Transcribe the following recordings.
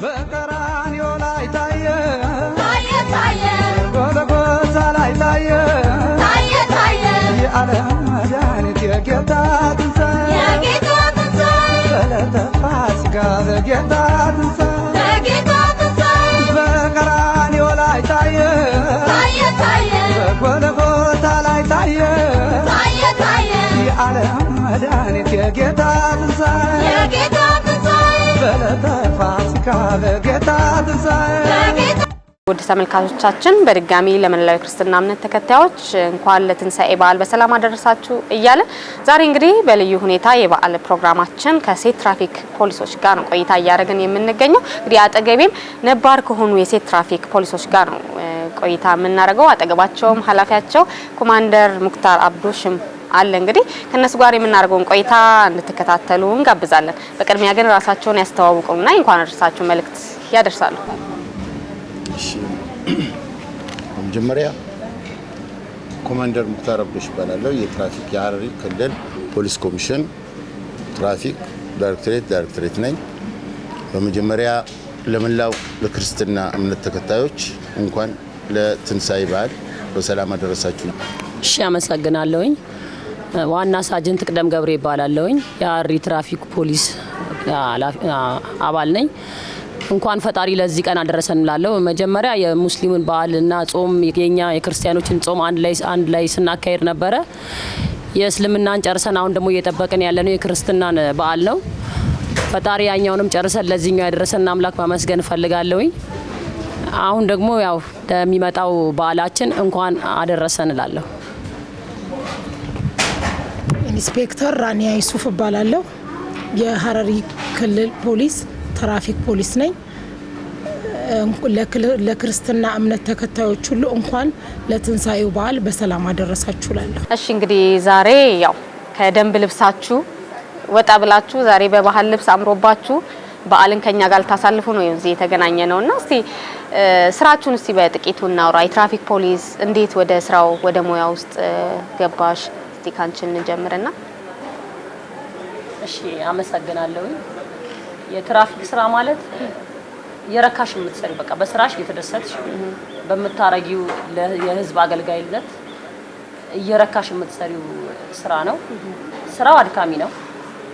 በቀራንዮ ላይ ታየ ታየ ታየ ጎልጎታ ላይ ታየ ታየ ታየ የዓለም መድኃኒት የጌታ ትንሣኤ የጌታ ትንሣኤ በዕለተ ፋሲካ በጌታ ትንሣኤ በጌታ ትንሣኤ በቀራንዮ ላይ ታየ ታየ ታየ በጎልጎታ ላይ ታየ ታየ ታየ የዓለም መድኃኒት የጌታ ትንሣኤ የጌታ ውድ ተመልካቾቻችን በድጋሚ ለመላው ክርስትና እምነት ተከታዮች እንኳን ለትንሣኤ በዓል በሰላም አደረሳችሁ እያለ ዛሬ እንግዲህ በልዩ ሁኔታ የበዓል ፕሮግራማችን ከሴት ትራፊክ ፖሊሶች ጋር ነው ቆይታ እያደረግን የምንገኘው። እንግዲህ አጠገቤም ነባር ከሆኑ የሴት ትራፊክ ፖሊሶች ጋር ነው ቆይታ የምናደርገው። አጠገባቸውም ኃላፊያቸው ኮማንደር ሙክታር አብዶ ሽም አለ እንግዲህ ከነሱ ጋር የምናደርገውን ቆይታ እንድትከታተሉ እንጋብዛለን። በቅድሚያ ግን ራሳቸውን ያስተዋውቁና እንኳን አደረሳችሁ መልእክት ያደርሳሉ። እሺ፣ በመጀመሪያ ኮማንደር ሙክታር አብዶሽ እባላለሁ። የትራፊክ የሀረሪ ክልል ፖሊስ ኮሚሽን ትራፊክ ዳይሬክቶሬት ዳይሬክቶሬት ነኝ። በመጀመሪያ ለመላው ለክርስትና እምነት ተከታዮች እንኳን ለትንሳኤ በዓል በሰላም አደረሳችሁ። እሺ፣ አመሰግናለሁኝ። ዋና ሳጅንት ቅደም ገብሬ ይባላለውኝ የአሪ ትራፊክ ፖሊስ አባል ነኝ። እንኳን ፈጣሪ ለዚህ ቀን አደረሰን እላለሁ። መጀመሪያ የሙስሊሙን በዓልና ጾም የኛ የክርስቲያኖችን ጾም አንድ ላይ አንድ ላይ ስናካሄድ ነበረ። የእስልምናን ጨርሰን አሁን ደግሞ እየጠበቅን ያለነው የክርስትናን በዓል ነው። ፈጣሪ ያኛውንም ጨርሰን ለዚህኛው ያደረሰን አምላክ ማመስገን እፈልጋለሁኝ። አሁን ደግሞ ያው ለሚመጣው በዓላችን እንኳን አደረሰን እላለሁ። ኢንስፔክተር ራኒያ ይሱፍ እባላለሁ። የሀረሪ ክልል ፖሊስ ትራፊክ ፖሊስ ነኝ። ለክርስትና እምነት ተከታዮች ሁሉ እንኳን ለትንሳኤው በዓል በሰላም አደረሳችሁ እላለሁ። እሺ እንግዲህ ዛሬ ያው ከደንብ ልብሳችሁ ወጣ ብላችሁ ዛሬ በባህል ልብስ አምሮባችሁ በዓልን ከኛ ጋር ልታሳልፉ ነው እዚህ የተገናኘ ነው እና እስቲ ስራችሁን እስቲ በጥቂቱ እናውራ። የትራፊክ ፖሊስ እንዴት ወደ ስራው ወደ ሙያ ውስጥ ገባሽ? እስቲ ካንቺ እንጀምርና። እሺ አመሰግናለሁ። የትራፊክ ስራ ማለት የረካሽ የምትሰሪ በቃ በስራሽ እየተደሰትሽ በምታረጊው የህዝብ አገልጋይነት እየረካሽ የምትሰሪው ስራ ነው። ስራው አድካሚ ነው።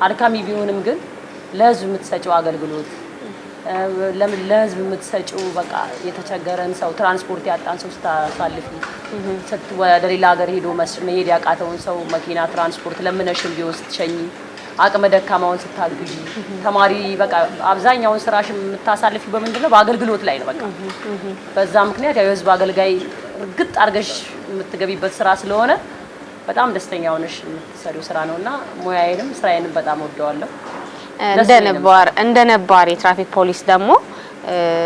አድካሚ ቢሆንም ግን ለህዝብ የምትሰጪው አገልግሎት ለህዝብ የምትሰጪው በቃ የተቸገረን ሰው ትራንስፖርት ያጣን ሰው ስታሳልፊ ወደ ሌላ ሀገር ሄዶ መሄድ ያቃተውን ሰው መኪና ትራንስፖርት ለምነሽም ቢሆን ስትሸኝ አቅመ ደካማውን ስታግዢ ተማሪ በቃ አብዛኛውን ስራሽ የምታሳልፊ በምንድን ነው? በአገልግሎት ላይ ነው። በቃ በዛ ምክንያት ያው የህዝብ አገልጋይ እርግጥ አድርገሽ የምትገቢበት ስራ ስለሆነ በጣም ደስተኛ ሆነሽ የምትሰሪው ስራ ነው እና ሙያዬንም ስራዬንም በጣም ወደዋለሁ። እንደ ነባር የትራፊክ ፖሊስ ደግሞ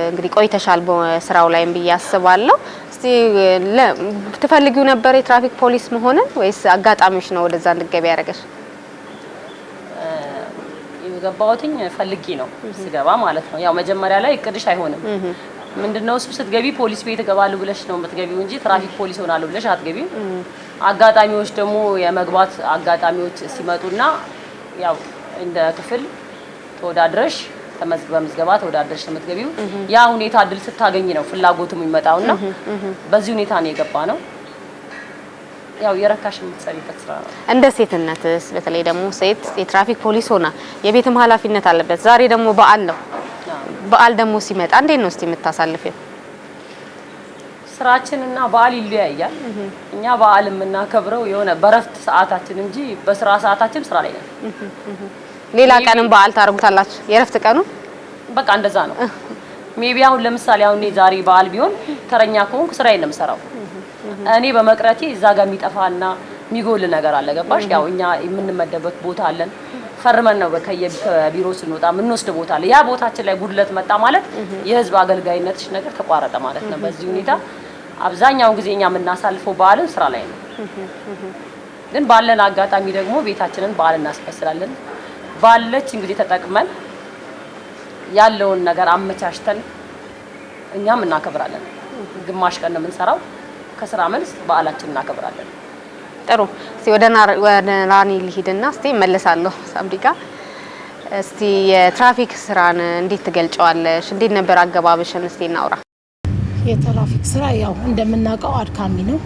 እንግዲህ ቆይተሻል በስራው ላይም ብዬ አስባለሁ። እስቲ ትፈልጊው ነበር የትራፊክ ፖሊስ መሆንን ወይስ አጋጣሚዎች ነው ወደዛ እንድገቢ ያደረገሽ? የገባሁትኝ ፈልጊ ነው ስገባ ማለት ነው። ያው መጀመሪያ ላይ እቅድሽ አይሆንም ምንድነው እሱ ስትገቢ ፖሊስ ቤት እገባለሁ ብለሽ ነው የምትገቢው እንጂ ትራፊክ ፖሊስ ሆናለሁ ብለሽ አትገቢም። አጋጣሚዎች ደግሞ የመግባት አጋጣሚዎች ሲመጡና ያው እንደ ክፍል ተወዳድረሽ በምዝገባ ተወዳድረሽ ነው የምትገቢው። ያ ሁኔታ እድል ስታገኝ ነው ፍላጎቱም የሚመጣውና በዚህ ሁኔታ ነው የገባ ነው። ያው የረካሽ የምትሰሪበት ስራ ነው። እንደ ሴትነትስ በተለይ ደግሞ ሴት የትራፊክ ፖሊስ ሆና የቤትም ኃላፊነት አለበት። ዛሬ ደግሞ በዓል ነው። በዓል ደግሞ ሲመጣ እንዴት ነው እስቲ የምታሳልፊው? ስራችንና በዓል ይለያያል። እኛ በዓል የምናከብረው የሆነ በረፍት ሰዓታችን እንጂ በስራ ሰዓታችን ስራ ላይ ነን። ሌላ ቀንም በዓል ታደርጉታላችሁ? የእረፍት ቀኑ በቃ እንደዛ ነው። ሜቢ አሁን ለምሳሌ አሁን እኔ ዛሬ በዓል ቢሆን ተረኛ ከሆንኩ ስራዬን ነው የምሰራው። እኔ በመቅረቴ እዛ ጋር የሚጠፋና የሚጎል ነገር አለ። ገባሽ? ያው እኛ የምንመደበት ቦታ አለን ፈርመን ነው ከየቢሮ ስንወጣ የምንወስድ ቦታ አለ። ያ ቦታችን ላይ ጉድለት መጣ ማለት የህዝብ አገልጋይነትሽ ነገር ተቋረጠ ማለት ነው። በዚህ ሁኔታ አብዛኛውን ጊዜ እኛ የምናሳልፈው በዓልን ስራ ላይ ነው። ግን ባለን አጋጣሚ ደግሞ ቤታችንን በዓል እናስመስላለን። ባለች እንግዲህ ተጠቅመን ያለውን ነገር አመቻችተን እኛም እናከብራለን። ግማሽ ቀን ነው የምንሰራው። ከስራ መልስ በዓላችን እናከብራለን። ጥሩ። እስቲ ወደ ራኒ ልሂድና እስቲ መለሳለሁ። ሳምዲጋ እስቲ የትራፊክ ስራን እንዴት ትገልጨዋለሽ? እንዴት ነበር አገባብሽን? እስቲ እናውራ። የትራፊክ ስራ ያው እንደምናውቀው አድካሚ ነው።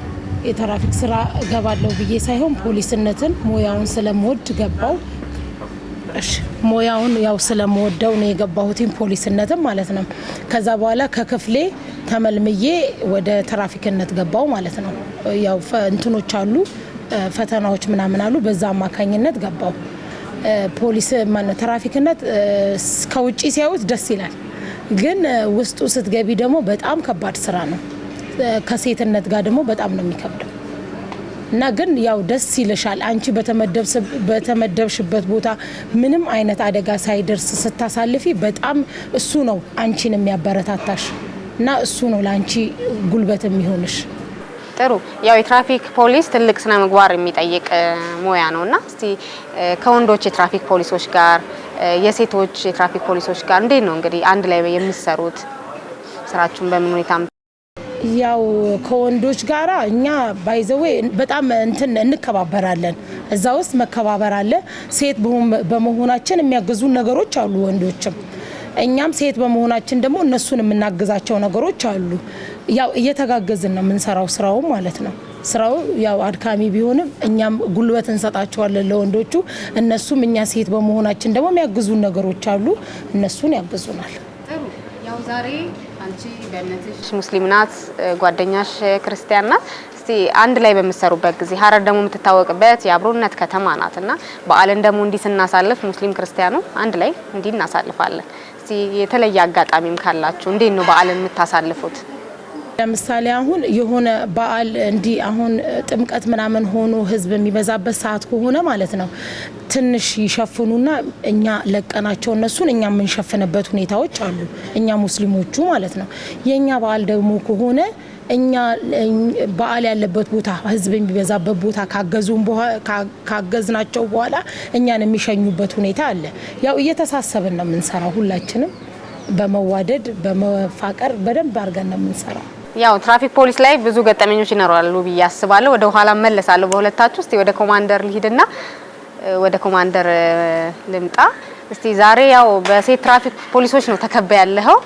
የትራፊክ ስራ እገባለሁ ብዬ ሳይሆን ፖሊስነትን ሙያውን ስለምወድ ገባው። ሞያውን ያው ስለመወደው ነው የገባሁትኝ ፖሊስነትም ማለት ነው። ከዛ በኋላ ከክፍሌ ተመልምዬ ወደ ትራፊክነት ገባው ማለት ነው። ያው እንትኖች አሉ ፈተናዎች ምናምን አሉ። በዛ አማካኝነት ገባው ፖሊስ ማነው ትራፊክነት። ከውጭ ሲያዩት ደስ ይላል፣ ግን ውስጡ ስትገቢ ደግሞ በጣም ከባድ ስራ ነው። ከሴትነት ጋር ደግሞ በጣም ነው የሚከብደው። እና ግን ያው ደስ ይልሻል አንቺ በተመደብሽበት ቦታ ምንም አይነት አደጋ ሳይደርስ ስታሳልፊ በጣም እሱ ነው አንቺን የሚያበረታታሽ እና እሱ ነው ለአንቺ ጉልበት የሚሆንሽ። ጥሩ ያው የትራፊክ ፖሊስ ትልቅ ስነ ምግባር የሚጠይቅ ሙያ ነው እና እስቲ ከወንዶች የትራፊክ ፖሊሶች ጋር የሴቶች የትራፊክ ፖሊሶች ጋር እንዴት ነው እንግዲህ አንድ ላይ የሚሰሩት? ስራችሁን በምን ሁኔታ ያው ከወንዶች ጋር እኛ ባይዘዌ በጣም እንትን እንከባበራለን። እዛ ውስጥ መከባበር አለ። ሴት በመሆናችን የሚያግዙን ነገሮች አሉ ወንዶችም እኛም ሴት በመሆናችን ደግሞ እነሱን የምናግዛቸው ነገሮች አሉ። ያው እየተጋገዝን ነው የምንሰራው ስራው ማለት ነው። ስራው ያው አድካሚ ቢሆንም እኛም ጉልበት እንሰጣቸዋለን ለወንዶቹ፣ እነሱም እኛ ሴት በመሆናችን ደግሞ የሚያግዙን ነገሮች አሉ። እነሱን ያግዙናል። አንቺ በእምነትሽ ሙስሊም ናት፣ ጓደኛሽ ክርስቲያን ናት። እስቲ አንድ ላይ በምትሰሩበት ጊዜ ሀረር ደግሞ የምትታወቅበት የአብሮነት ከተማ ናት እና በዓልን ደግሞ እንዲህ ስናሳልፍ ሙስሊም ክርስቲያኑ አንድ ላይ እንዲህ እናሳልፋለን። እስቲ የተለየ አጋጣሚም ካላችሁ እንዴት ነው በዓልን የምታሳልፉት? ለምሳሌ አሁን የሆነ በዓል እንዲህ አሁን ጥምቀት ምናምን ሆኖ ህዝብ የሚበዛበት ሰዓት ከሆነ ማለት ነው ትንሽ ይሸፍኑና እኛ ለቀናቸው እነሱን እኛ የምንሸፍንበት ሁኔታዎች አሉ። እኛ ሙስሊሞቹ ማለት ነው። የእኛ በዓል ደግሞ ከሆነ እኛ በዓል ያለበት ቦታ ህዝብ የሚበዛበት ቦታ ካገዝናቸው በኋላ እኛን የሚሸኙበት ሁኔታ አለ። ያው እየተሳሰብን ነው የምንሰራው። ሁላችንም በመዋደድ በመፋቀር በደንብ አድርገን ነው የምንሰራው። ያው ትራፊክ ፖሊስ ላይ ብዙ ገጠመኞች ይኖራሉ ብዬ አስባለሁ። ወደ ኋላ መለሳለሁ በሁለታችሁ። እስቲ ወደ ኮማንደር ልሂድና ወደ ኮማንደር ልምጣ። እስቲ ዛሬ ያው በሴት ትራፊክ ፖሊሶች ነው ተከባ ያለኸው።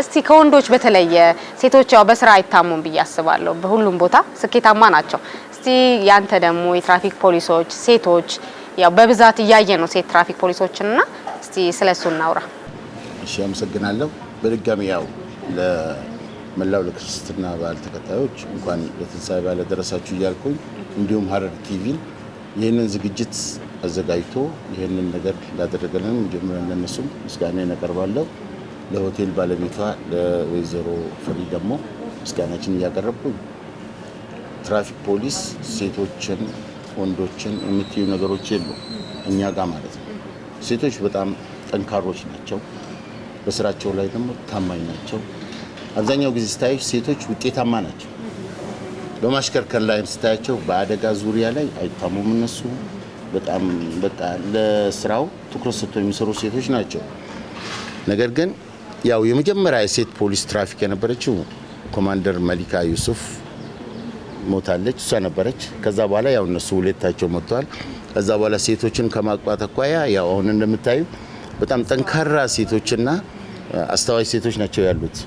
እስቲ ከወንዶች በተለየ ሴቶች ያው በስራ አይታሙም ብዬ አስባለሁ። በሁሉም ቦታ ስኬታማ ናቸው። እስቲ ያንተ ደግሞ የትራፊክ ፖሊሶች ሴቶች ያው በብዛት እያየ ነው ሴት ትራፊክ ፖሊሶችንና እስቲ ስለሱ እናውራ። እሺ፣ አመሰግናለሁ በድጋሚ ያው መላው ለክርስትና በዓል ተከታዮች እንኳን ለትንሣኤ በዓል ደረሳችሁ እያልኩኝ እንዲሁም ሀረር ቲቪን ይህንን ዝግጅት አዘጋጅቶ ይህንን ነገር ላደረገልን መጀመሪያ ለነሱም ምስጋና ያቀርባለሁ። ለሆቴል ባለቤቷ ለወይዘሮ ፍሪ ደግሞ ምስጋናችን እያቀረብኩኝ ትራፊክ ፖሊስ ሴቶችን፣ ወንዶችን የምትዩ ነገሮች የሉ እኛ ጋር ማለት ነው። ሴቶች በጣም ጠንካሮች ናቸው። በስራቸው ላይ ደግሞ ታማኝ ናቸው። አብዛኛው ጊዜ ስታዮች ሴቶች ውጤታማ ናቸው። በማሽከርከር ላይም ስታያቸው በአደጋ ዙሪያ ላይ አይታሙም። እነሱ በጣም በቃ ለስራው ትኩረት ሰጥቶ የሚሰሩ ሴቶች ናቸው። ነገር ግን ያው የመጀመሪያ የሴት ፖሊስ ትራፊክ የነበረችው ኮማንደር መሊካ ዩሱፍ ሞታለች፣ እሷ ነበረች። ከዛ በኋላ ያው እነሱ ሁለታቸው ሞተዋል። ከዛ በኋላ ሴቶችን ከማቋት አኳያ ያው አሁን እንደምታዩ በጣም ጠንካራ ሴቶችና አስተዋይ ሴቶች ናቸው ያሉት።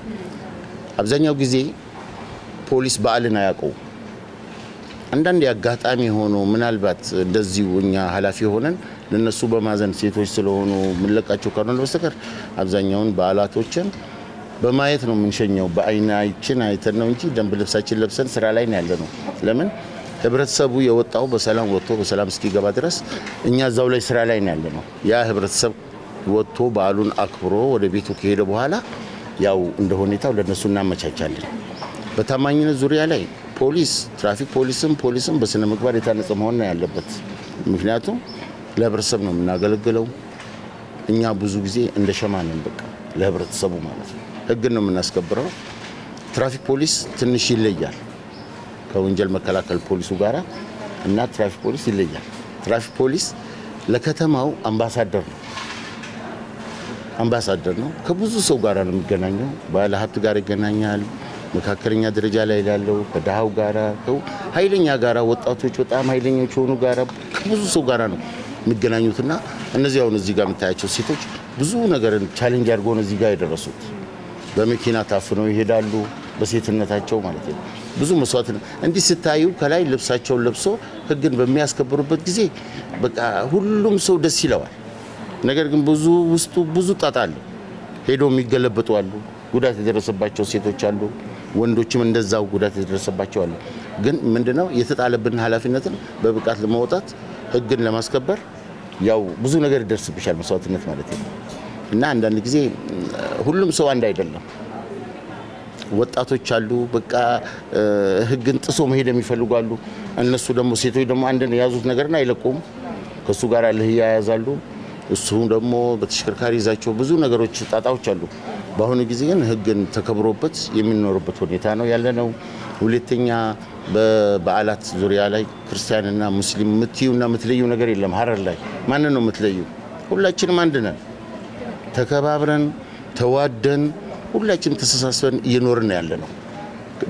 አብዛኛው ጊዜ ፖሊስ በዓልን አያውቀው አንዳንድ አጋጣሚ ሆኖ ምናልባት እንደዚሁ እኛ ኃላፊ ሆነን ለነሱ በማዘን ሴቶች ስለሆኑ የምንለቃቸው ካልሆነ በስተቀር አብዛኛውን በዓላቶችን በማየት ነው የምንሸኘው። በአይናችን አይተን ነው እንጂ ደንብ ልብሳችን ለብሰን ስራ ላይ ነው ያለ ነው። ለምን ህብረተሰቡ የወጣው በሰላም ወጥቶ በሰላም እስኪገባ ድረስ እኛ እዛው ላይ ስራ ላይ ነው ያለ ነው። ያ ህብረተሰብ ወጥቶ በዓሉን አክብሮ ወደ ቤቱ ከሄደ በኋላ ያው እንደ ሁኔታው ለነሱ እናመቻቻለን። በታማኝነት ዙሪያ ላይ ፖሊስ ትራፊክ ፖሊስም ፖሊስም በስነ ምግባር የታነጸ መሆን ያለበት። ምክንያቱም ለህብረተሰብ ነው የምናገለግለው። እኛ ብዙ ጊዜ እንደ ሸማንን በቃ ለህብረተሰቡ ማለት ነው። ህግን ነው የምናስከብረው። ትራፊክ ፖሊስ ትንሽ ይለያል ከወንጀል መከላከል ፖሊሱ ጋራ እና ትራፊክ ፖሊስ ይለያል። ትራፊክ ፖሊስ ለከተማው አምባሳደር ነው። አምባሳደር ነው። ከብዙ ሰው ጋር ነው የሚገናኘው። ባለ ሀብት ጋር ይገናኛል። መካከለኛ ደረጃ ላይ ላለው ከድሃው ው ኃይለኛ ጋራ ወጣቶች በጣም ኃይለኞች የሆኑ ጋራ ከብዙ ሰው ጋር ነው የሚገናኙትና እነዚህ አሁን እዚህ ጋር የምታያቸው ሴቶች ብዙ ነገርን ቻሌንጅ አድርጎ ነው እዚህ ጋር የደረሱት። በመኪና ታፍነው ይሄዳሉ፣ በሴትነታቸው ማለት ነው። ብዙ መስዋዕት እንዲህ ስታዩ ከላይ ልብሳቸውን ለብሶ ህግን በሚያስከብሩበት ጊዜ በቃ ሁሉም ሰው ደስ ይለዋል። ነገር ግን ብዙ ውስጡ ብዙ ጣጣ አለ። ሄዶ የሚገለበጡ አሉ። ጉዳት የደረሰባቸው ሴቶች አሉ። ወንዶችም እንደዛው ጉዳት የደረሰባቸው አሉ። ግን ምንድነው የተጣለብን ኃላፊነትን በብቃት ለመውጣት ህግን ለማስከበር ያው ብዙ ነገር ይደርስብሻል፣ መስዋዕትነት ማለት ነው። እና አንዳንድ ጊዜ ሁሉም ሰው አንድ አይደለም። ወጣቶች አሉ፣ በቃ ህግን ጥሶ መሄድ የሚፈልጉ አሉ። እነሱ ደግሞ ሴቶች ደግሞ አንድን የያዙት ነገርን አይለቁም፣ ከእሱ ጋር ልህያ ያያዛሉ። እሱም ደግሞ በተሽከርካሪ ይዛቸው ብዙ ነገሮች ጣጣዎች አሉ። በአሁኑ ጊዜ ግን ህግን ተከብሮበት የሚኖርበት ሁኔታ ነው ያለ ነው። ሁለተኛ በበዓላት ዙሪያ ላይ ክርስቲያንና ሙስሊም የምትዩና ምትለዩ ነገር የለም። ሀረር ላይ ማንን ነው የምትለዩ? ሁላችንም አንድ ነን። ተከባብረን ተዋደን ሁላችንም ተሰሳስበን እየኖርን ያለ ነው።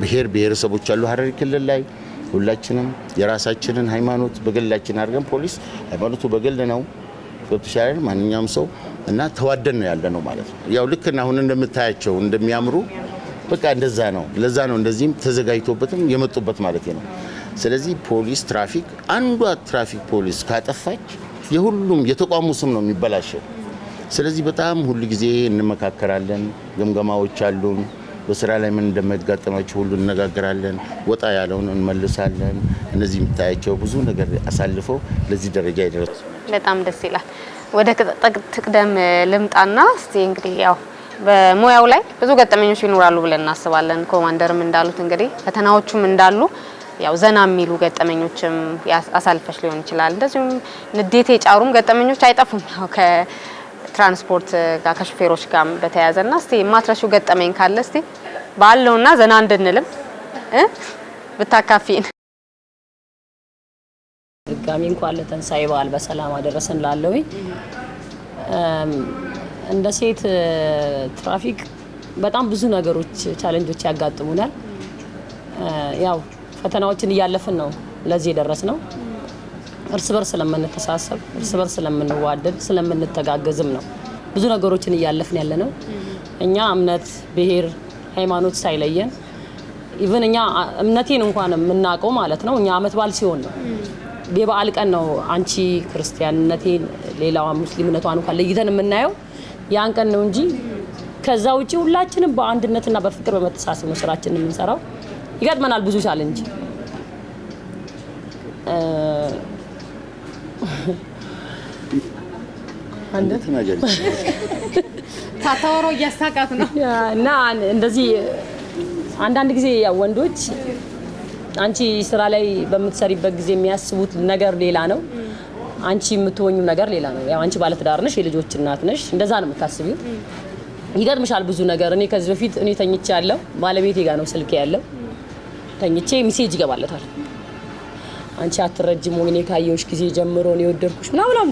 ብሔር ብሔረሰቦች አሉ ሀረሪ ክልል ላይ ሁላችንም የራሳችንን ሃይማኖት በግላችን አድርገን ፖሊስ ሃይማኖቱ በግል ነው ገብቶሻል ማንኛውም ሰው እና ተዋደን ነው ያለ ነው ማለት ነው። ያው ልክ አሁን እንደምታያቸው እንደሚያምሩ በቃ እንደዛ ነው። ለዛ ነው እንደዚህም ተዘጋጅቶበትም የመጡበት ማለት ነው። ስለዚህ ፖሊስ ትራፊክ፣ አንዷ ትራፊክ ፖሊስ ካጠፋች የሁሉም የተቋሙ ስም ነው የሚበላሸው። ስለዚህ በጣም ሁሉ ጊዜ እንመካከራለን። ግምገማዎች አሉን። በስራ ላይ ምን እንደሚያጋጥማቸው ሁሉ እነጋገራለን። ወጣ ያለውን እንመልሳለን። እነዚህ የምታያቸው ብዙ ነገር አሳልፈው ለዚህ ደረጃ ይደረሱ በጣም ደስ ይላል። ወደ ትቅደም ልምጣና እስቲ እንግዲህ ያው በሙያው ላይ ብዙ ገጠመኞች ይኖራሉ ብለን እናስባለን። ኮማንደርም እንዳሉት እንግዲህ ፈተናዎቹም እንዳሉ ያው ዘና የሚሉ ገጠመኞችም አሳልፈሽ ሊሆን ይችላል። እንደዚሁም ንዴት የጫሩም ገጠመኞች አይጠፉም። ያው ከትራንስፖርት ጋር ከሹፌሮች ጋር በተያያዘና እስቲ የማትረሺው ገጠመኝ ካለ እስቲ ባለውና ዘና እንድንልም ብታካፊን። ድጋሚ እንኳን ለትንሳኤ በዓል በሰላም አደረሰን ላለው እንደ ሴት ትራፊክ በጣም ብዙ ነገሮች ቻለንጆች ያጋጥሙናል። ያው ፈተናዎችን እያለፍን ነው ለዚህ የደረስ ነው። እርስ በርስ ስለምንተሳሰብ፣ እርስ በርስ ስለምንዋደድ፣ ስለምንተጋገዝም ነው ብዙ ነገሮችን እያለፍን ያለ ነው። እኛ እምነት፣ ብሔር፣ ሃይማኖት ሳይለየን ኢቨን እኛ እምነቴን እንኳን የምናውቀው ማለት ነው እኛ አመት በዓል ሲሆን ነው የበዓል ቀን ነው። አንቺ ክርስቲያንነቴን ሌላዋ ሙስሊምነቷን እንኳን ለይተን የምናየው ያን ቀን ነው እንጂ ከዛ ውጭ ሁላችንም በአንድነትና በፍቅር በመተሳሰብ ነው ስራችን የምንሰራው። ይገጥመናል ብዙ እንጂ ታታወሮ እያሳቃት ነው እና እንደዚህ አንዳንድ ጊዜ ወንዶች አንቺ ስራ ላይ በምትሰሪበት ጊዜ የሚያስቡት ነገር ሌላ ነው። አንቺ የምትወኙ ነገር ሌላ ነው። ያው አንቺ ባለትዳር ነሽ፣ የልጆች እናት ነሽ። እንደዛ ነው የምታስቢው። ይገርምሻል ብዙ ነገር። እኔ ከዚህ በፊት እኔ ተኝቼ ያለው ባለቤቴ ጋር ነው ስልክ ያለው። ተኝቼ ሚሴጅ ይገባለታል። አንቺ አትረጅም ወይ እኔ ካየሁሽ ጊዜ ጀምሮ ነው የወደድኩሽ ምናምን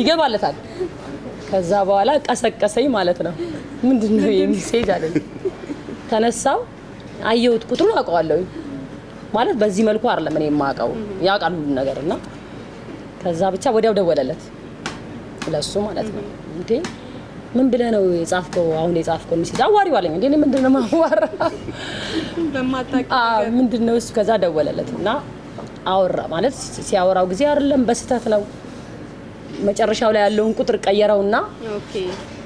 ይገባለታል። ከዛ በኋላ ቀሰቀሰኝ ማለት ነው። ምንድነው የሚሴጅ አለኝ። ተነሳው አየሁት ቁጥሩን አውቀዋለሁ። ማለት በዚህ መልኩ አይደለም እኔ የማውቀው ያውቃል ሁሉ ነገር እና ከዛ ብቻ ወዲያው ደወለለት ለሱ ማለት ነው። እንዴ ምን ብለ ነው የጻፍከው? አሁን የጻፍከው ሚሴጅ አዋሪው አለኝ። እንዴ ምንድን ነው ማዋራ ምንድን ነው እሱ። ከዛ ደወለለት እና አወራ ማለት ሲያወራው ጊዜ አይደለም በስህተት ነው። መጨረሻው ላይ ያለውን ቁጥር ቀየረውና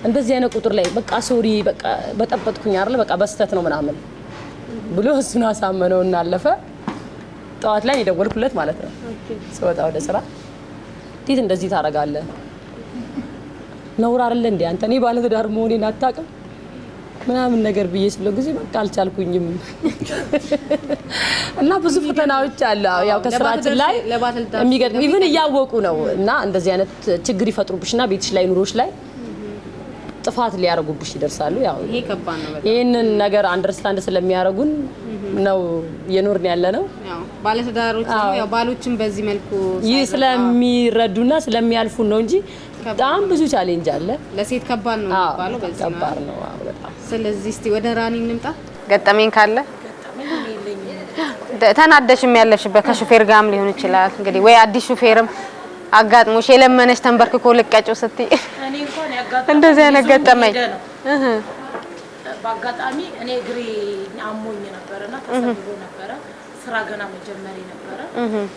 እንደዚህ አይነት ቁጥር ላይ በቃ ሶሪ በቃ በጠበጥኩኝ አይደል በቃ በስህተት ነው ምናምን ብሎ እሱን አሳመነውና አለፈ። ጠዋት ላይ የደወልኩለት ማለት ነው። ስወጣ ወደ ስራ እንዴት እንደዚህ ታደርጋለህ? ነውር አይደለ እንዴ አንተ? እኔ ባለትዳር መሆኔን አታውቅም ምናምን ነገር ብዬ ስለው ጊዜ በቃ አልቻልኩኝም እና ብዙ ፈተናዎች አሉ። ያው ከስራችን ላይ የሚገርም ኢቭን እያወቁ ነው እና እንደዚህ አይነት ችግር ይፈጥሩብሽና ቤትሽ ላይ ኑሮች ላይ ጥፋት ሊያደርጉብሽ ይደርሳሉ። ያው ይህንን ነገር አንደርስታንድ ስለሚያደርጉን ነው የኖርን ያለ ነው። ባለትዳሮች ባሎችን በዚህ መልኩ ይህ ስለሚረዱና ስለሚያልፉ ነው እንጂ በጣም ብዙ ቻሌንጅ አለ። ለሴት ከባድ ነው የሚባለው ከባድ ነው። ስለዚህ እስቲ ወደ ራኒ እንምጣ። ገጠመኝ ካለ ተናደሽም ያለሽበት ከሹፌር ጋርም ሊሆን ይችላል እንግዲህ ወይ አዲስ ሹፌርም አጋጥሞሽ የለመነሽ ተንበርክኮ ልቀጭው ስትይ እኔ እንኳን እንደዚህ አይነት ገጠመኝ? በአጋጣሚ እኔ እግሬ አሞኝ ነበረና ተሰብሮ ነበረ። ስራ ገና መጀመሪ ነበረ።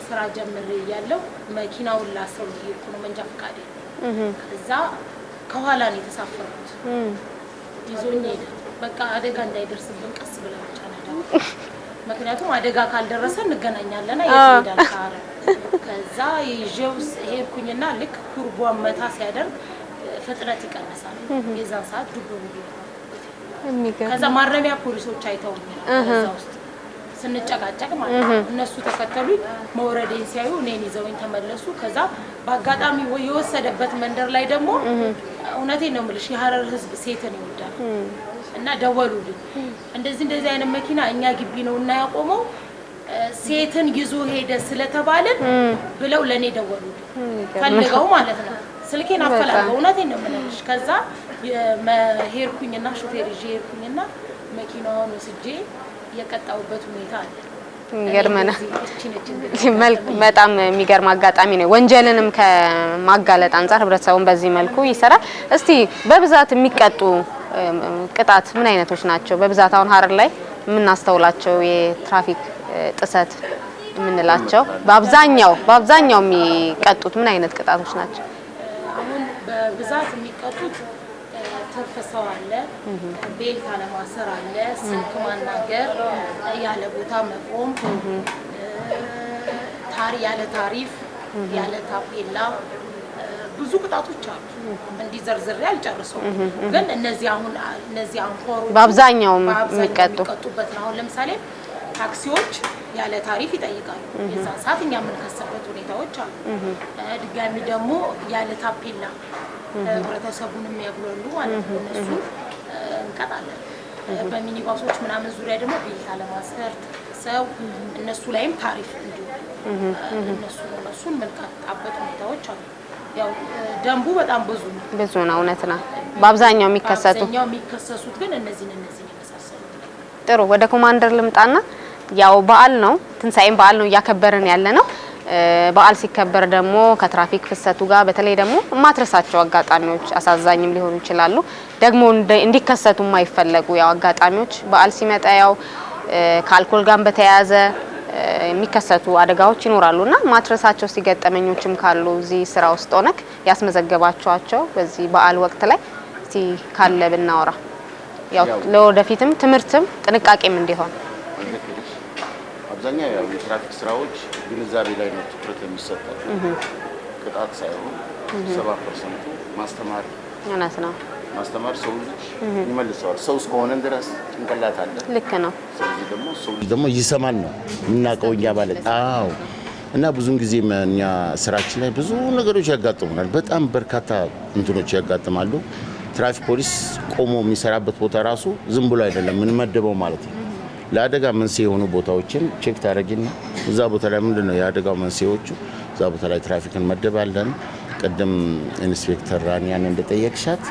ስራ ጀምሬ እያለሁ መኪናውን ላሰው እየሄድኩ ነው፣ መንጃ ፈቃዴ። እዛ ከኋላ ነው የተሳፈርኩት፣ ይዞኝ ሄደ። በቃ አደጋ እንዳይደርስብን ቀስ ብለን ጫነዳ ምክንያቱም አደጋ ካልደረሰ እንገናኛለን። አይሄዳል ካረ ከዛ ይዤው ሄድኩኝና ልክ ኩርቧን መታ ሲያደርግ ፍጥነት ይቀንሳል። የዛን ሰዓት ዱብ ብዬ ከዛ ማረሚያ ፖሊሶች አይተው እዛ ውስጥ ስንጨቃጨቅ ማለት እነሱ ተከተሉኝ። መውረዴን ሲያዩ እኔን ይዘውኝ ተመለሱ። ከዛ በአጋጣሚ የወሰደበት መንደር ላይ ደግሞ እውነቴን ነው የምልሽ የሀረር ሕዝብ ሴትን ይወዳል። እና ደወሉልኝ። እንደዚህ እንደዚህ አይነት መኪና እኛ ግቢ ነው እና ያቆመው ሴትን ይዞ ሄደ ስለተባልን ብለው ለእኔ ደወሉልኝ። ፈልገው ማለት ነው ስልኬን አፈላልገው። እውነቴን ነው የምልሽ። ከዛ ሄድኩኝና ሹፌር ይዤ ሄድኩኝና መኪናውን ወስጄ የቀጣሁበት ሁኔታ አለ። ይገርመና በጣም የሚገርም አጋጣሚ ነው። ወንጀልንም ከማጋለጥ አንጻር ህብረተሰቡን በዚህ መልኩ ይሰራል። እስቲ በብዛት የሚቀጡ ቅጣት ምን አይነቶች ናቸው? በብዛት አሁን ሀረር ላይ የምናስተውላቸው የትራፊክ ጥሰት የምንላቸው በአብዛኛው በአብዛኛው የሚቀጡት ምን አይነት ቅጣቶች ናቸው? አሁን በብዛት የሚቀጡት ትርፍ ሰው አለ፣ ቤልት አለማሰር አለ፣ ስልክ ማናገር፣ ያለ ቦታ መቆም፣ ታሪ ያለ ታሪፍ፣ ያለ ታፔላ ብዙ ቅጣቶች አሉ። እንዲዘርዝሬ አልጨርሰውም፣ ግን እነዚህ አሁን እነዚህ አንኮሩ በአብዛኛው የሚቀጡበት ነው። አሁን ለምሳሌ ታክሲዎች ያለ ታሪፍ ይጠይቃሉ። የዛን ሰዓት እኛ የምንከሰበት ሁኔታዎች አሉ። ድጋሚ ደግሞ ያለ ታፔላ ህብረተሰቡን የሚያግለሉ ማለት ነው። እነሱ እንቀጣለን። በሚኒባሶች ምናምን ዙሪያ ደግሞ ብይታ ለማስፈርት ሰው እነሱ ላይም ታሪፍ እንዲሁ እነሱ እነሱን የምንቀጣበት ሁኔታዎች አሉ። ያው ደንቡ በጣም ብዙ ነው ብዙ ነው፣ እውነት ነው። በአብዛኛው የሚከሰቱ የሚከሰሱት ግን እነዚህ እነዚህ የመሳሰሉት። ጥሩ ወደ ኮማንደር ልምጣና ያው በዓል ነው ትንሳኤም በዓል ነው እያከበርን ያለ ነው። በዓል ሲከበር ደግሞ ከትራፊክ ፍሰቱ ጋር በተለይ ደግሞ የማትረሳቸው አጋጣሚዎች አሳዛኝም ሊሆኑ ይችላሉ፣ ደግሞ እንዲከሰቱ የማይፈለጉ ያው አጋጣሚዎች በዓል ሲመጣ ያው ከአልኮል ጋር በተያያዘ የሚከሰቱ አደጋዎች ይኖራሉ ይኖራሉና ማትረሳቸው ሲገጠመኞችም ካሉ እዚህ ስራ ውስጥ ሆነክ ያስመዘገባቸዋቸው በዚህ በዓል ወቅት ላይ እስቲ ካለ ብናወራ ለወደፊትም ትምህርትም ጥንቃቄም እንዲሆን አብዛኛው ያው የትራፊክ ስራዎች ግንዛቤ ላይ ነው ትኩረት የሚሰጠው ቅጣት ሳይሆን ሰባ ፐርሰንቱ ማስተማር ነው። ማስተማር ሰው ልጅ ይመልሰዋል። ሰው እስከሆነን ድረስ ጭንቅላት አለ። ልክ ነው። ስለዚህ ደግሞ ይሰማል ነው የምናውቀው እኛ ማለት አዎ። እና ብዙን ጊዜ እኛ ስራችን ላይ ብዙ ነገሮች ያጋጥሙናል። በጣም በርካታ እንትኖች ያጋጥማሉ። ትራፊክ ፖሊስ ቆሞ የሚሰራበት ቦታ ራሱ ዝም ብሎ አይደለም የምንመደበው ማለት ነው። ለአደጋ መንስኤ የሆኑ ቦታዎችን ቼክ ታደረግና እዛ ቦታ ላይ ምንድን ነው የአደጋው መንስኤዎቹ፣ እዛ ቦታ ላይ ትራፊክ እንመደባለን። ቅድም ኢንስፔክተር ራኒያን እንደጠየቅሻት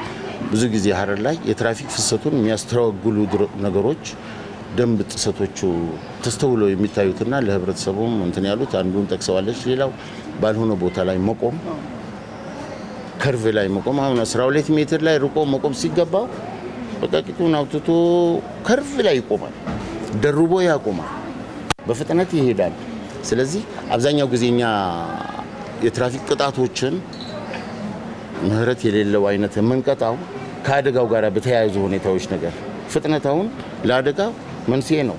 ብዙ ጊዜ ሀረር ላይ የትራፊክ ፍሰቱን የሚያስተጓጉሉ ነገሮች ደንብ ጥሰቶቹ ተስተውለው የሚታዩትና ለህብረተሰቡም እንትን ያሉት አንዱን ጠቅሰዋለች። ሌላው ባልሆነ ቦታ ላይ መቆም፣ ከርቭ ላይ መቆም አሁን 12 ሜትር ላይ ርቆ መቆም ሲገባው በቃቂቱን ቂጡን አውጥቶ ከርቭ ላይ ይቆማል፣ ደርቦ ያቆማል፣ በፍጥነት ይሄዳል። ስለዚህ አብዛኛው ጊዜ እኛ የትራፊክ ቅጣቶችን ምህረት የሌለው አይነት የምንቀጣው ከአደጋው ጋር በተያያዙ ሁኔታዎች ነገር ፍጥነት አሁን ለአደጋ መንስኤ ነው።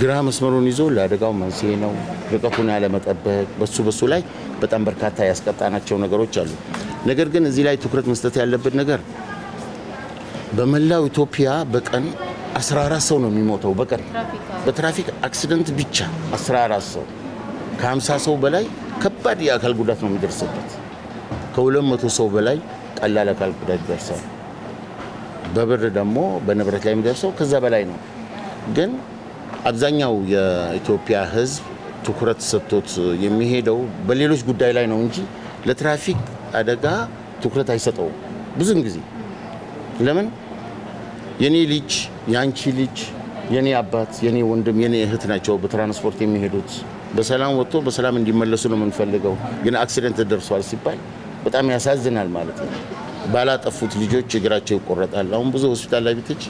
ግራ መስመሩን ይዞ ለአደጋው መንስኤ ነው። ርቀቱን ያለመጠበቅ በሱ በሱ ላይ በጣም በርካታ ያስቀጣናቸው ነገሮች አሉ። ነገር ግን እዚህ ላይ ትኩረት መስጠት ያለበት ነገር በመላው ኢትዮጵያ በቀን 14 ሰው ነው የሚሞተው። በቀን በትራፊክ አክሲደንት ብቻ 14 ሰው ከ50 ሰው በላይ ከባድ የአካል ጉዳት ነው የሚደርስበት። ከ200 ሰው በላይ ቀላል አካል ጉዳት በብር ደግሞ በንብረት ላይ የሚደርሰው ከዛ በላይ ነው። ግን አብዛኛው የኢትዮጵያ ሕዝብ ትኩረት ሰጥቶት የሚሄደው በሌሎች ጉዳይ ላይ ነው እንጂ ለትራፊክ አደጋ ትኩረት አይሰጠውም። ብዙን ጊዜ ለምን የኔ ልጅ የአንቺ ልጅ የኔ አባት የኔ ወንድም የኔ እህት ናቸው በትራንስፖርት የሚሄዱት። በሰላም ወጥቶ በሰላም እንዲመለሱ ነው የምንፈልገው። ግን አክሲደንት ደርሷል ሲባል በጣም ያሳዝናል ማለት ነው። ባላጠፉት ልጆች እግራቸው ይቆረጣል። አሁን ብዙ ሆስፒታል ላይ ቤቶች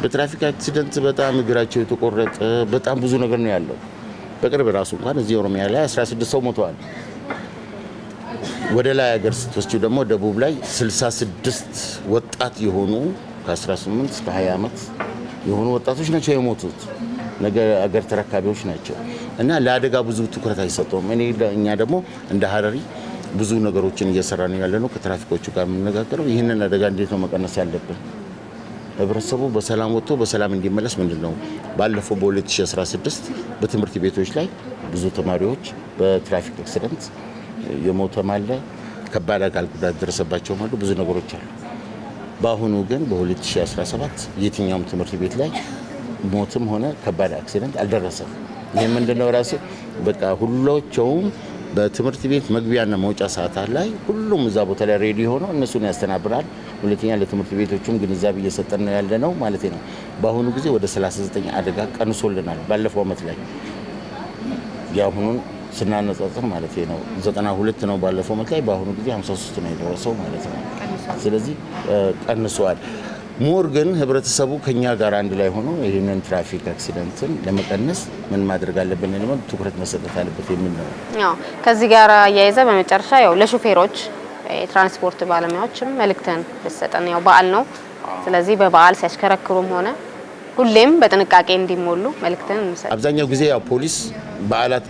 በትራፊክ አክሲደንት በጣም እግራቸው የተቆረጠ በጣም ብዙ ነገር ነው ያለው። በቅርብ ራሱ እንኳን እዚህ ኦሮሚያ ላይ 16 ሰው ሞተዋል። ወደ ላይ ሀገር ስትወስጂው ደግሞ ደቡብ ላይ 66 ወጣት የሆኑ ከ18 እስከ 20 ዓመት የሆኑ ወጣቶች ናቸው የሞቱት። ነገ አገር ተረካቢዎች ናቸው እና ለአደጋ ብዙ ትኩረት አይሰጠውም። እኔ እኛ ደግሞ እንደ ሀረሪ ብዙ ነገሮችን እየሰራ ነው ያለ ነው። ከትራፊኮቹ ጋር የምነጋገረው ይህንን አደጋ እንዴት ነው መቀነስ ያለብን? ህብረተሰቡ በሰላም ወጥቶ በሰላም እንዲመለስ ምንድን ነው ባለፈው በ2016 በትምህርት ቤቶች ላይ ብዙ ተማሪዎች በትራፊክ አክሲደንት የሞተም አለ፣ ከባድ አካል ጉዳት ደረሰባቸውም አሉ፣ ብዙ ነገሮች አሉ። በአሁኑ ግን በ2017 የትኛውም ትምህርት ቤት ላይ ሞትም ሆነ ከባድ አክሲደንት አልደረሰም። ይህ ምንድነው ራሴ በቃ ሁላቸውም በትምህርት ቤት መግቢያና መውጫ ሰዓታት ላይ ሁሉም እዛ ቦታ ላይ ሬዲ ሆኖ እነሱን ያስተናብራል። ሁለተኛ ለትምህርት ቤቶቹም ግንዛቤ እየሰጠ ነው ያለ ነው ማለት ነው። በአሁኑ ጊዜ ወደ 39 አደጋ ቀንሶልናል። ባለፈው ዓመት ላይ የአሁኑን ስናነጻጽር ማለት ነው 92 ነው ባለፈው ዓመት ላይ፣ በአሁኑ ጊዜ 53 ነው የደረሰው ማለት ነው። ስለዚህ ቀንሷል። ሞር ግን ህብረተሰቡ ከኛ ጋር አንድ ላይ ሆኖ ይህንን ትራፊክ አክሲደንትን ለመቀነስ ምን ማድረግ አለብን ደግሞ ትኩረት መሰጠት አለበት የሚል ነው። ከዚህ ጋር አያይዘ በመጨረሻ ያው ለሹፌሮች የትራንስፖርት ባለሙያዎችም መልእክትን ልሰጠን ያው በዓል ነው። ስለዚህ በበዓል ሲያሽከረክሩም ሆነ ሁሌም በጥንቃቄ እንዲሞሉ መልእክትን እንሰጥ። አብዛኛው ጊዜ ያው ፖሊስ በዓላት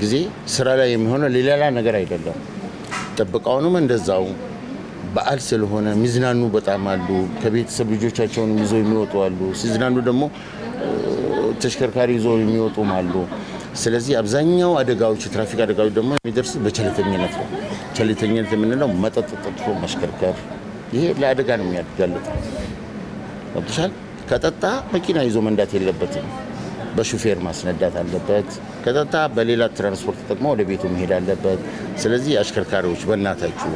ጊዜ ስራ ላይ የሚሆነ ሌላ ነገር አይደለም። ጥበቃውንም እንደዛው በዓል ስለሆነ ሚዝናኑ በጣም አሉ። ከቤተሰብ ልጆቻቸውን ይዘው የሚወጡ አሉ። ሲዝናኑ ደግሞ ተሽከርካሪ ይዘው የሚወጡም አሉ። ስለዚህ አብዛኛው አደጋዎች የትራፊክ አደጋዎች ደግሞ የሚደርሱ በቸልተኝነት ነው። ቸልተኝነት የምንለው መጠጥ ጠጥቶ መሽከርከር፣ ይሄ ለአደጋ ነው የሚያጋልጥ ከጠጣ መኪና ይዞ መንዳት የለበትም፣ በሹፌር ማስነዳት አለበት። ከጠጣ በሌላ ትራንስፖርት ተጠቅሞ ወደ ቤቱ መሄድ አለበት። ስለዚህ አሽከርካሪዎች በእናታችሁ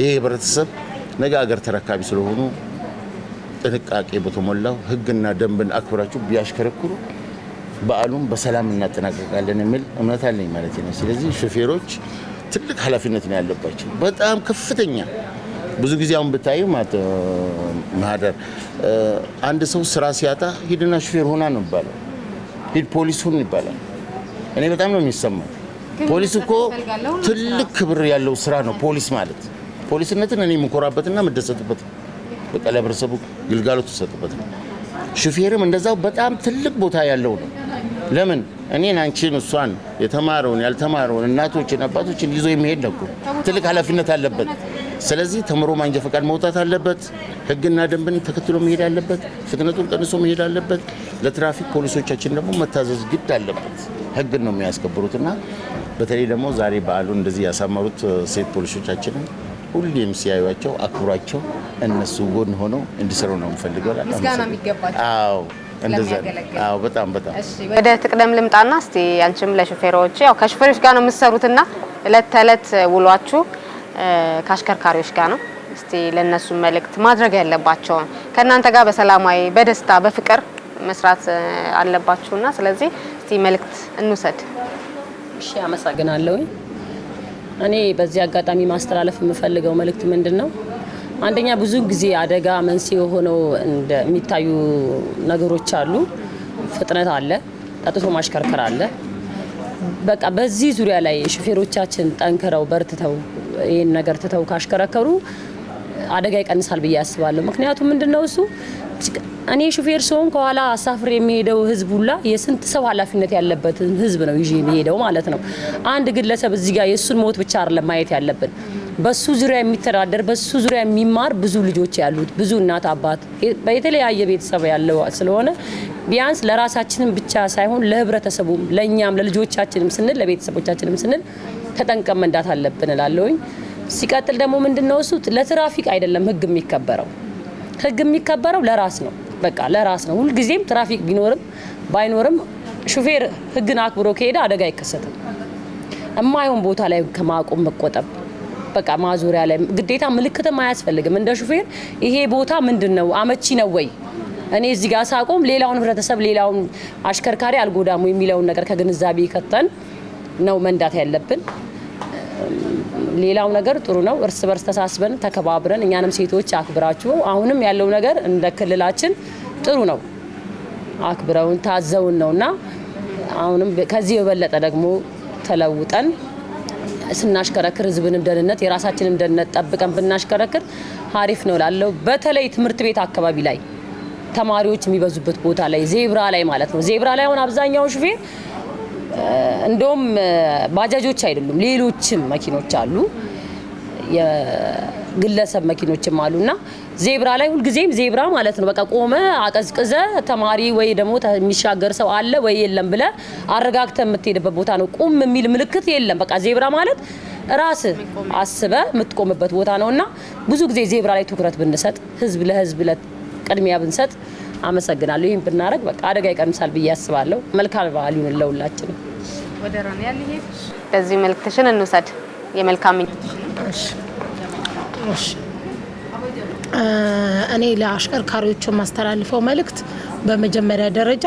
ይህ ህብረተሰብ ነገ አገር ተረካቢ ስለሆኑ ጥንቃቄ በተሞላው ህግና ደንብን አክብራችሁ ቢያሽከረክሩ በዓሉም በሰላም እናጠናቀቃለን የሚል እምነት አለኝ ማለት ነው። ስለዚህ ሹፌሮች ትልቅ ኃላፊነት ነው ያለባቸው፣ በጣም ከፍተኛ። ብዙ ጊዜ አሁን ብታዩ ማደር አንድ ሰው ስራ ሲያጣ ሂድና ሹፌር ሆና ነው ይባላል፣ ሂድ ፖሊስ ሁን ይባላል። እኔ በጣም ነው የሚሰማው። ፖሊስ እኮ ትልቅ ክብር ያለው ስራ ነው ፖሊስ ማለት ፖሊስነትን እኔ የምኮራበትና የምደሰትበት በቃ ለህብረተሰቡ ግልጋሎት ይሰጥበት ነው። ሹፌርም እንደዛው በጣም ትልቅ ቦታ ያለው ነው። ለምን እኔን፣ አንቺን፣ እሷን የተማረውን ያልተማረውን እናቶችን፣ አባቶችን ይዞ የሚሄድ ነው። ትልቅ ኃላፊነት አለበት። ስለዚህ ተምሮ ማንጃ ፈቃድ መውጣት አለበት። ህግና ደንብን ተከትሎ መሄድ አለበት። ፍጥነቱን ቀንሶ መሄድ አለበት። ለትራፊክ ፖሊሶቻችን ደግሞ መታዘዝ ግድ አለበት። ህግን ነው የሚያስከብሩትና በተለይ ደግሞ ዛሬ በዓሉን እንደዚህ ያሳመሩት ሴት ፖሊሶቻችንን ሁሌም ሲያዩቸው አክብሯቸው እነሱ ጎን ሆነው እንዲሰሩ ነው የምፈልገው። ምስጋና የሚገባቸው በጣም በጣም ወደ ትቅደም ልምጣና እስቲ አንቺም ለሹፌሮች ያው ከሾፌሮች ጋር ነው የምትሰሩትና እለት ተእለት ውሏችሁ ከአሽከርካሪዎች ጋር ነው። እስቲ ለነሱ መልእክት ማድረግ ያለባቸውን ከእናንተ ጋር በሰላማዊ በደስታ በፍቅር መስራት አለባችሁና ስለዚህ እስቲ መልእክት እንውሰድ። እሺ አመሰግናለሁ። እኔ በዚህ አጋጣሚ ማስተላለፍ የምፈልገው መልእክት ምንድን ነው? አንደኛ ብዙ ጊዜ አደጋ መንስኤ ሆነው እንደሚታዩ ነገሮች አሉ። ፍጥነት አለ፣ ጠጥቶ ማሽከርከር አለ። በቃ በዚህ ዙሪያ ላይ ሹፌሮቻችን ጠንክረው በርትተው ይህን ነገር ትተው ካሽከረከሩ አደጋ ይቀንሳል ብዬ አስባለሁ። ምክንያቱም ምንድነው እሱ እኔ ሹፌር ስሆን ከኋላ አሳፍር የሚሄደው ህዝብ ሁላ የስንት ሰው ኃላፊነት ያለበትን ህዝብ ነው ይዤ የሚሄደው ማለት ነው። አንድ ግለሰብ እዚህ ጋር የእሱን ሞት ብቻ አይደለም ማየት ያለብን። በሱ ዙሪያ የሚተዳደር በሱ ዙሪያ የሚማር ብዙ ልጆች ያሉት ብዙ እናት አባት፣ የተለያየ ቤተሰብ ያለው ስለሆነ ቢያንስ ለራሳችንም ብቻ ሳይሆን ለህብረተሰቡም፣ ለእኛም፣ ለልጆቻችንም ስንል ለቤተሰቦቻችንም ስንል ተጠንቀም መንዳት አለብን እላለሁኝ። ሲቀጥል ደግሞ ምንድነው እሱ ለትራፊክ አይደለም ህግ የሚከበረው። ህግ የሚከበረው ለራስ ነው፣ በቃ ለራስ ነው። ሁልጊዜም ትራፊክ ቢኖርም ባይኖርም ሹፌር ህግን አክብሮ ከሄደ አደጋ አይከሰትም። እማይሆን ቦታ ላይ ከማቆም መቆጠብ በቃ ማዞሪያ ላይ ግዴታ ምልክትም አያስፈልግም። እንደ ሹፌር ይሄ ቦታ ምንድን ነው አመቺ ነው ወይ እኔ እዚህ ጋር ሳቆም ሌላውን ህብረተሰብ ሌላውን አሽከርካሪ አልጎዳሙ የሚለውን ነገር ከግንዛቤ ከተን ነው መንዳት ያለብን። ሌላው ነገር ጥሩ ነው። እርስ በርስ ተሳስበን ተከባብረን እኛንም ሴቶች አክብራችሁ አሁንም ያለው ነገር እንደ ክልላችን ጥሩ ነው። አክብረውን ታዘውን ነውና አሁንም ከዚህ የበለጠ ደግሞ ተለውጠን ስናሽከረክር ህዝብንም ደህንነት የራሳችንም ደህንነት ጠብቀን ብናሽከረክር አሪፍ ነው ላለው በተለይ ትምህርት ቤት አካባቢ ላይ ተማሪዎች የሚበዙበት ቦታ ላይ ዜብራ ላይ ማለት ነው። ዜብራ ላይ አሁን አብዛኛው ሹፌር እንደውም ባጃጆች አይደሉም ሌሎችም መኪኖች አሉ፣ የግለሰብ መኪኖችም አሉ እና ዜብራ ላይ ሁልጊዜም ዜብራ ማለት ነው። በቃ ቆመ አቀዝቅዘ ተማሪ ወይ ደግሞ የሚሻገር ሰው አለ ወይ የለም ብለ አረጋግተ የምትሄድበት ቦታ ነው። ቁም የሚል ምልክት የለም። በቃ ዜብራ ማለት ራስ አስበ የምትቆምበት ቦታ ነው እና ብዙ ጊዜ ዜብራ ላይ ትኩረት ብንሰጥ፣ ህዝብ ለህዝብ ቅድሚያ ብንሰጥ አመሰግናለሁ። ይህም ብናደረግ በቃ አደጋ ይቀንሳል ብዬ አስባለሁ። መልካም በዓል ይሁን ለሁላችንም። በዚህ መልክትሽን እንውሰድ። የመልካም እኔ ለአሽከርካሪዎቹ የማስተላልፈው መልእክት በመጀመሪያ ደረጃ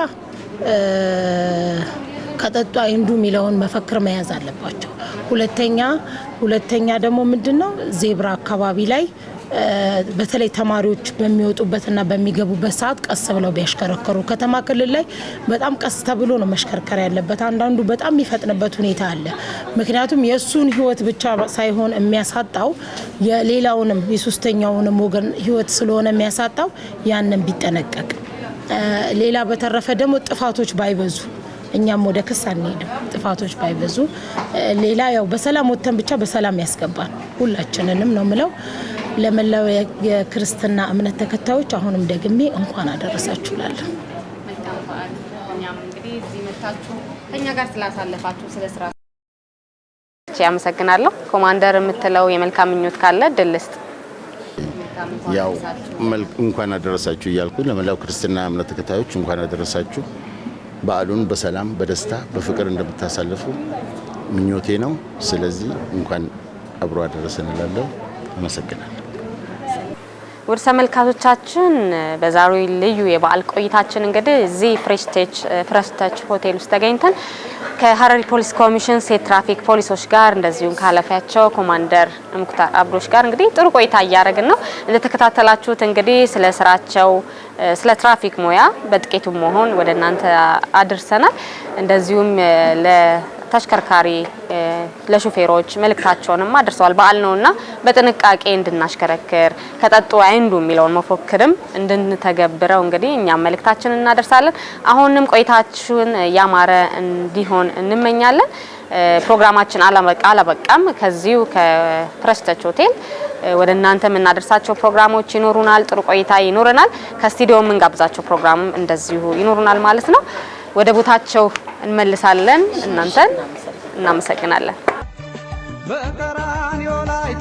ከጠጡ አይንዱ የሚለውን መፈክር መያዝ አለባቸው። ሁለተኛ ሁለተኛ ደግሞ ምንድን ነው ዜብራ አካባቢ ላይ በተለይ ተማሪዎች በሚወጡበትና በሚገቡበት ሰዓት ቀስ ብለው ቢያሽከረከሩ። ከተማ ክልል ላይ በጣም ቀስ ተብሎ ነው መሽከርከር ያለበት። አንዳንዱ በጣም የሚፈጥንበት ሁኔታ አለ። ምክንያቱም የእሱን ሕይወት ብቻ ሳይሆን የሚያሳጣው የሌላውንም የሶስተኛውንም ወገን ሕይወት ስለሆነ የሚያሳጣው ያንን ቢጠነቀቅ። ሌላ በተረፈ ደግሞ ጥፋቶች ባይበዙ እኛም ወደ ክስ አንሄድም። ጥፋቶች ባይበዙ ሌላ ያው በሰላም ወጥተን ብቻ በሰላም ያስገባል። ሁላችንንም ነው ምለው ለመላው የክርስትና እምነት ተከታዮች አሁንም ደግሜ እንኳን አደረሳችሁ እላለሁ። ኮማንደር የምትለው የመልካም ምኞት ካለ ድልስጥ ያው እንኳን አደረሳችሁ እያልኩ ለመላው ክርስትና እምነት ተከታዮች እንኳን አደረሳችሁ። በዓሉን በሰላም በደስታ በፍቅር እንደምታሳልፉ ምኞቴ ነው። ስለዚህ እንኳን አብሮ አደረሰን እላለሁ። አመሰግናለሁ። ውድ ተመልካቾቻችን በዛሬ ልዩ የበዓል ቆይታችን እንግዲህ እዚህ ፍሬሽቴች ፍሬሽቴች ሆቴል ውስጥ ተገኝተን ከሀረሪ ፖሊስ ኮሚሽን ሴት ትራፊክ ፖሊሶች ጋር እንደዚሁም ከኃላፊያቸው ኮማንደር ሙክታር አብዶች ጋር እንግዲህ ጥሩ ቆይታ እያደረግን ነው። እንደተከታተላችሁት እንግዲህ ስለ ስራቸው፣ ስለ ትራፊክ ሙያ በጥቂቱም መሆን ወደ እናንተ አድርሰናል። እንደዚሁም ተሽከርካሪ ለሹፌሮች መልእክታቸውንም አድርሰዋል። በዓል ነውና በጥንቃቄ እንድናሽከረክር ከጠጡ አይንዱ የሚለውን መፎክርም እንድንተገብረው እንግዲህ እኛም መልእክታችን እናደርሳለን። አሁንም ቆይታችን ያማረ እንዲሆን እንመኛለን። ፕሮግራማችን አላበቃም። ከዚሁ ከፕረስተች ሆቴል ወደ እናንተ የምናደርሳቸው ፕሮግራሞች ይኖሩናል። ጥሩ ቆይታ ይኖረናል። ከስቱዲዮ የምንጋብዛቸው ፕሮግራም እንደዚሁ ይኖሩናል ማለት ነው። ወደ ቦታቸው እንመልሳለን። እናንተን እናመሰግናለን። በቀራንዮ ትንሣኤ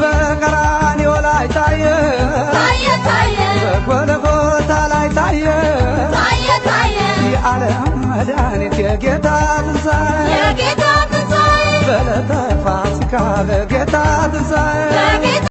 በቀራንዮ ላይ ታየ የዓለም መድኃኒት የጌታ ትንሣኤ በለተ ፋሲካ ለጌታ ትንሣኤ